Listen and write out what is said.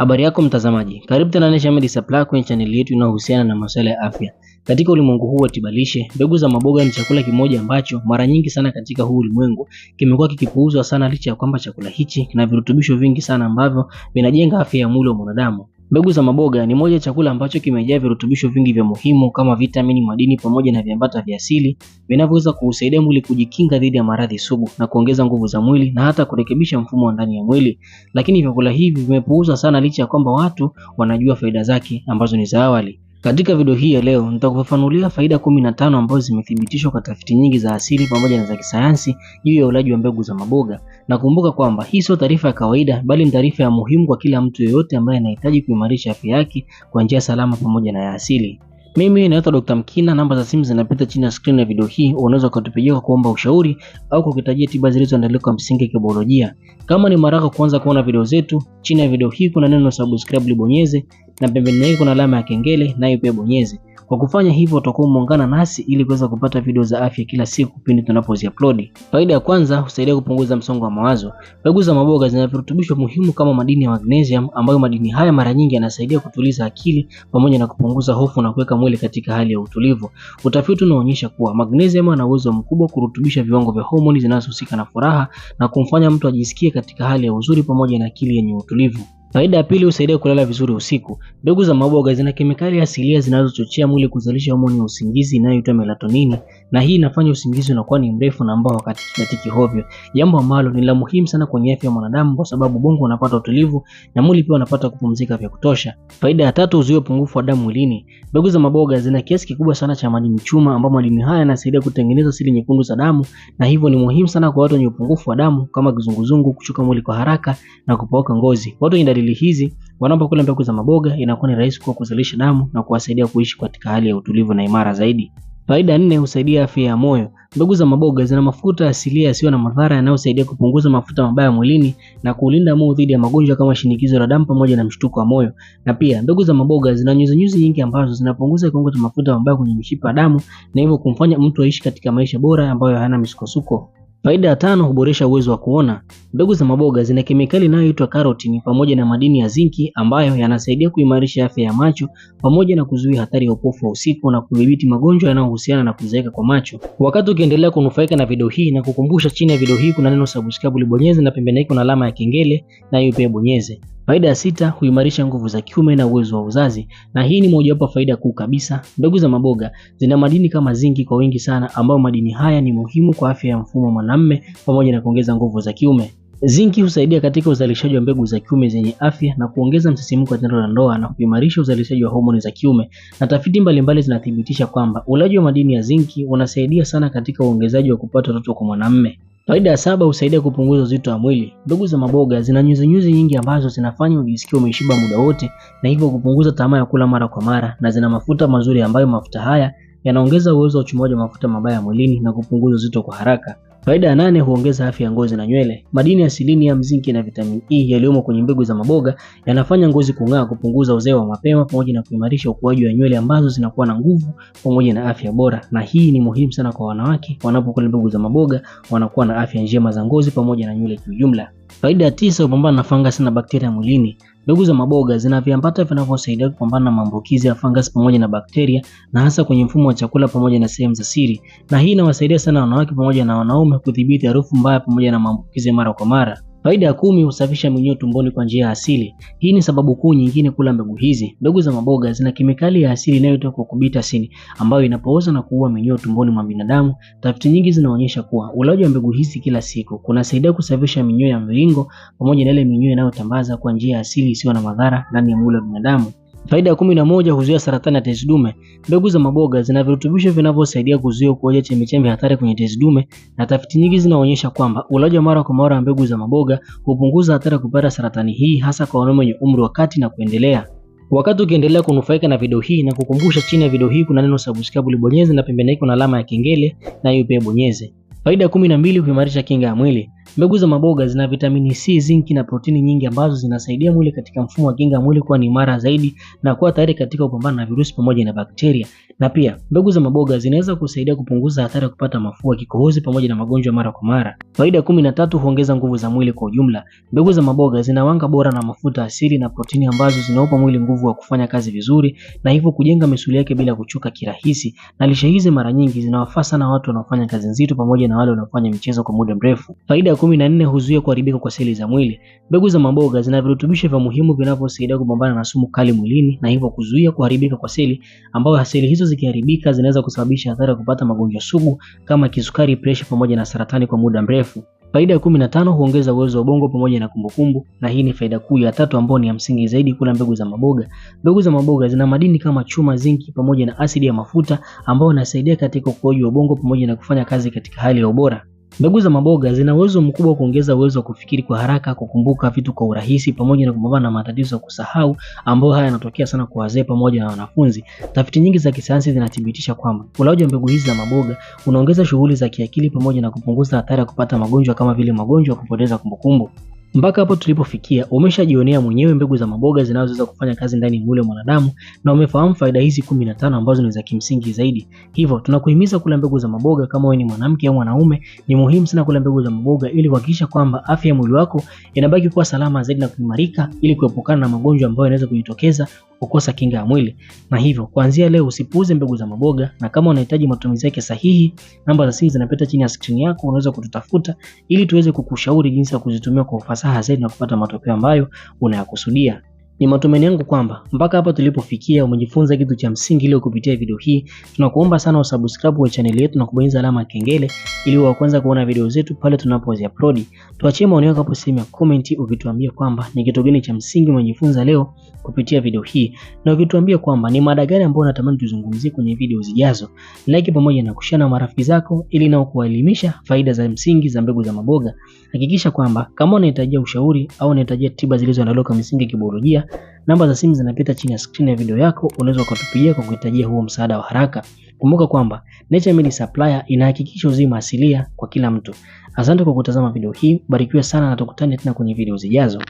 Habari yako mtazamaji, karibu tena Naturemed Supplies kwenye chaneli yetu inayohusiana na masuala ya afya. Katika ulimwengu huu wa mbegu za maboga ni chakula kimoja ambacho mara nyingi sana katika huu ulimwengu kimekuwa kikipuuzwa sana, licha ya kwamba chakula hichi kina virutubisho vingi sana ambavyo vinajenga afya ya mwili wa mwanadamu. Mbegu za maboga ni moja ya chakula ambacho kimejaa virutubisho vingi vya muhimu kama vitamini, madini pamoja na viambata vya asili vinavyoweza kuusaidia mwili kujikinga dhidi ya maradhi sugu na kuongeza nguvu za mwili na hata kurekebisha mfumo wa ndani ya mwili. Lakini vyakula hivi vimepuuzwa sana licha ya kwamba watu wanajua faida zake ambazo ni za awali. Katika video hii ya leo nitakufafanulia faida 15 ambazo zimethibitishwa kwa tafiti nyingi za asili pamoja na za kisayansi juu ya ulaji wa mbegu za maboga, na kumbuka kwamba hii sio taarifa ya kawaida, bali ni taarifa ya muhimu kwa kila mtu yeyote ambaye anahitaji kuimarisha afya yake kwa njia salama pamoja na ya asili. Mimi naitwa Dr. Mkina, namba za simu zinapita chini ya screen ya video hii. Unaweza ukatupigia kwa kuomba ushauri au kukitajia tiba zilizoandaliwa kwa msingi wa kibiolojia. Kama ni mara yako kuona video zetu, chini ya video hii kuna neno subscribe libonyeze na pembeni yake kuna alama ya kengele, nayo pia bonyeze. Kwa kufanya hivyo utakuwa umeungana nasi ili kuweza kupata video za afya kila siku pindi upload. Faida ya kwanza, husaidia kupunguza msongo wa mawazo. Mbegu za maboga zina virutubisho muhimu kama madini ya magnesium, ambayo madini haya mara nyingi yanasaidia kutuliza akili pamoja na kupunguza hofu na kuweka mwili katika hali ya utulivu. Utafiti unaonyesha kuwa magnesium ana uwezo mkubwa kurutubisha viwango vya homoni zinazohusika na furaha na kumfanya mtu ajisikie katika hali ya uzuri pamoja na akili yenye utulivu. Faida ya pili, husaidia kulala vizuri usiku. Mbegu za maboga zina kemikali asilia zinazochochea mwili kuzalisha homoni ya usingizi inayoitwa melatonini, na hii inafanya usingizi unakuwa ni mrefu na ambao wakati katiki hovyo, jambo ambalo ni la muhimu sana kwenye afya ya mwanadamu, kwa sababu bongo unapata utulivu na mwili pia unapata kupumzika vya kutosha. Faida ya tatu, huzuia upungufu wa damu mwilini. Mbegu za maboga zina kiasi kikubwa sana cha madini chuma, ambapo madini haya yanasaidia kutengeneza seli nyekundu za damu, na hivyo ni muhimu sana kwa watu wenye upungufu wa damu kama kizunguzungu, kuchuka mwili kwa haraka na kupooka ngozi. Watu wenye dalili hizi, wanapokula mbegu za maboga inakuwa ni rahisi kwa kuzalisha damu na kuwasaidia kuishi katika hali ya utulivu na imara zaidi. Faida nne, husaidia afya ya moyo. Mbegu za maboga zina mafuta asilia yasiyo na madhara yanayosaidia kupunguza mafuta mabaya mwilini na kulinda moyo dhidi ya magonjwa kama shinikizo la damu pamoja na mshtuko wa moyo. Na pia mbegu za maboga zina nyuzinyuzi nyingi ambazo zinapunguza kiwango cha mafuta mabaya kwenye mishipa ya damu na hivyo kumfanya mtu aishi katika maisha bora ambayo hayana misukosuko. Faida ya tano, huboresha uwezo wa kuona. Mbegu za maboga zina kemikali inayoitwa karotini pamoja na madini ya zinki ambayo yanasaidia kuimarisha afya ya macho pamoja na kuzuia hatari ya upofu wa usiku na kudhibiti magonjwa yanayohusiana na kuzeeka kwa macho. Wakati ukiendelea kunufaika na video hii na kukumbusha, chini ya video hii kuna neno subscribe libonyeze, na pembeni kuna alama ya kengele na hiyo pia bonyeze. Faida ya sita, huimarisha nguvu za kiume na uwezo wa uzazi, na hii ni mojawapo faida kuu kabisa. Mbegu za maboga zina madini kama zinki kwa wingi sana, ambayo madini haya ni muhimu kwa afya ya mfumo mwanamume pamoja na kuongeza nguvu za kiume. Zinki husaidia katika uzalishaji wa mbegu za kiume zenye afya na kuongeza msisimko wa tendo la ndoa na kuimarisha uzalishaji wa homoni za kiume. Na tafiti mbalimbali zinathibitisha kwamba ulaji wa madini ya zinki unasaidia sana katika uongezaji wa kupata watoto kwa mwanamume. Faida ya saba, husaidia kupunguza uzito wa mwili. Mbegu za maboga zina nyuzinyuzi nyingi ambazo zinafanya ujisikie umeshiba muda wote, na hivyo kupunguza tamaa ya kula mara kwa mara, na zina mafuta mazuri ambayo mafuta haya yanaongeza uwezo wa uchumaji wa mafuta mabaya mwilini na kupunguza uzito kwa haraka. Faida ya nane, huongeza afya ya ngozi na nywele. Madini asilini ya mzinki na vitamini E yaliyomo kwenye mbegu za maboga yanafanya ngozi kung'aa, kupunguza uzee wa mapema, pamoja na kuimarisha ukuaji wa nywele ambazo zinakuwa na nguvu pamoja na afya bora. Na hii ni muhimu sana kwa wanawake, wanapokula mbegu za maboga wanakuwa na afya njema za ngozi pamoja na nywele kiujumla. Faida ya tisa, kupambana na fungus na bakteria mwilini. Mbegu za maboga zina viambata vinavyosaidia kupambana na maambukizi ya fungus pamoja na bakteria, na hasa kwenye mfumo wa chakula pamoja na sehemu za siri, na hii inawasaidia sana wanawake pamoja na wanaume kudhibiti harufu mbaya pamoja na maambukizi mara kwa mara. Faida ya kumi, husafisha minyoo tumboni kwa njia ya asili. Hii ni sababu kuu nyingine kula mbegu hizi. Mbegu za maboga zina kemikali ya asili inayoitwa cucurbitacin ambayo inapooza na kuua minyoo tumboni mwa binadamu. Tafiti nyingi zinaonyesha kuwa ulaji wa mbegu hizi kila siku kunasaidia kusafisha minyoo ya mviringo pamoja na ile minyoo inayotambaza kwa njia ya asili isiyo na madhara ndani ya mwili wa binadamu. Faida ya kumi na moja, huzuia saratani ya tezi dume. Mbegu za maboga zina virutubisho vinavyosaidia kuzuia ukuaji chembechembe hatari kwenye tezi dume, na tafiti nyingi zinaonyesha kwamba ulaji wa mara kwa mara wa mbegu za maboga hupunguza hatari ya kupata saratani hii, hasa kwa wanaume wenye umri wa kati na kuendelea. Wakati ukiendelea kunufaika na video hii na kukumbusha, chini ya video hii kuna neno subscribe libonyeze, na pembeni kuna alama ya kengele, na hiyo pia bonyeze. Faida ya kumi na mbili, huimarisha kinga ya mwili. Mbegu za maboga zina vitamini C, zinc na protini nyingi ambazo zinasaidia mwili katika mfumo wa kinga mwili kuwa ni imara zaidi na kuwa tayari katika kupambana na virusi pamoja na bakteria. Na pia mbegu za maboga zinaweza kusaidia kupunguza hatari ya kupata mafua, kikohozi pamoja na magonjwa mara kwa mara. Faida kumi na tatu, huongeza nguvu za mwili kwa ujumla. Mbegu za maboga zina wanga bora na mafuta asili na protini ambazo zinaupa mwili nguvu wa kufanya kazi vizuri na hivyo kujenga misuli yake bila kuchoka kirahisi. Na lishe hizi mara nyingi zinawafaa sana watu wanaofanya kazi nzito pamoja na wale wanaofanya michezo kwa muda mrefu. Faida kumi na nne huzuia kuharibika kwa seli za mwili. Mbegu za maboga zina virutubisho vya muhimu vinavyosaidia kupambana na sumu kali mwilini na hivyo kuzuia kuharibika kwa seli, ambayo seli hizo zikiharibika zinaweza kusababisha hatari ya kupata magonjwa sugu kama kisukari, presha pamoja na saratani kwa muda mrefu. Faida ya kumi na tano huongeza uwezo wa ubongo pamoja na kumbukumbu, na hii ni faida kuu ya tatu ambayo ni ya msingi zaidi kula mbegu za maboga. Mbegu za maboga zina madini kama chuma, zinki pamoja na asidi ya mafuta ambayo inasaidia katika ukuaji wa ubongo pamoja na kufanya kazi katika hali ya ubora. Mbegu za maboga zina uwezo mkubwa wa kuongeza uwezo wa kufikiri kwa haraka, kukumbuka vitu kwa urahisi, pamoja na kupambana na matatizo ya kusahau ambayo haya yanatokea sana kwa wazee pamoja na wanafunzi. Tafiti nyingi za kisayansi zinathibitisha kwamba ulaji wa mbegu hizi za maboga unaongeza shughuli za kiakili pamoja na kupunguza hatari ya kupata magonjwa kama vile magonjwa ya kupoteza kumbukumbu. Mpaka hapo tulipofikia, umeshajionea mwenyewe mbegu za maboga zinazoweza kufanya kazi ndani ya mwili wa mwanadamu na umefahamu faida hizi 15 ambazo ni za kimsingi zaidi. Hivyo tunakuhimiza kula mbegu za maboga. Kama wewe ni mwanamke au mwanaume, ni muhimu sana kula mbegu za maboga ili kuhakikisha kwamba afya ya mwili wako inabaki kuwa salama zaidi na kuimarika, ili kuepukana na magonjwa ambayo yanaweza kujitokeza kukosa kinga ya mwili. Na hivyo kuanzia leo usipuuze mbegu za maboga, na kama unahitaji matumizi yake sahihi, namba za simu zinapita chini ya skrini yako, unaweza kututafuta ili tuweze kukushauri jinsi ya kuzitumia kwa ufasaha ufasaha zaidi na kupata matokeo ambayo unayakusudia. Ni matumaini yangu kwamba mpaka hapa tulipofikia umejifunza kitu cha msingi leo kupitia video hii. Tunakuomba sana usubscribe kwa channel yetu na kubonyeza alama ya kengele ili wa kwanza kuona video zetu pale tunapozi upload. Tuachie maoni yako hapo sehemu ya comment ukituambia kwamba ni kitu gani cha msingi umejifunza leo kupitia video hii na ukituambia kwamba ni mada gani ambayo unatamani tuzungumzie kwenye video zijazo. Like pamoja na kushare na marafiki zako ili nao kuwaelimisha faida za msingi za mbegu za maboga. Hakikisha kwamba kama unahitaji ushauri au unahitaji tiba zilizoandaliwa kwa misingi ya kibiolojia Namba za simu zinapita chini ya skrini ya video yako, unaweza ukatupigia kwa kuhitajia huo msaada wa haraka. Kumbuka kwamba Naturemed Supplier inahakikisha uzima asilia kwa kila mtu. Asante kwa kutazama video hii, barikiwa sana na tukutane tena kwenye video zijazo.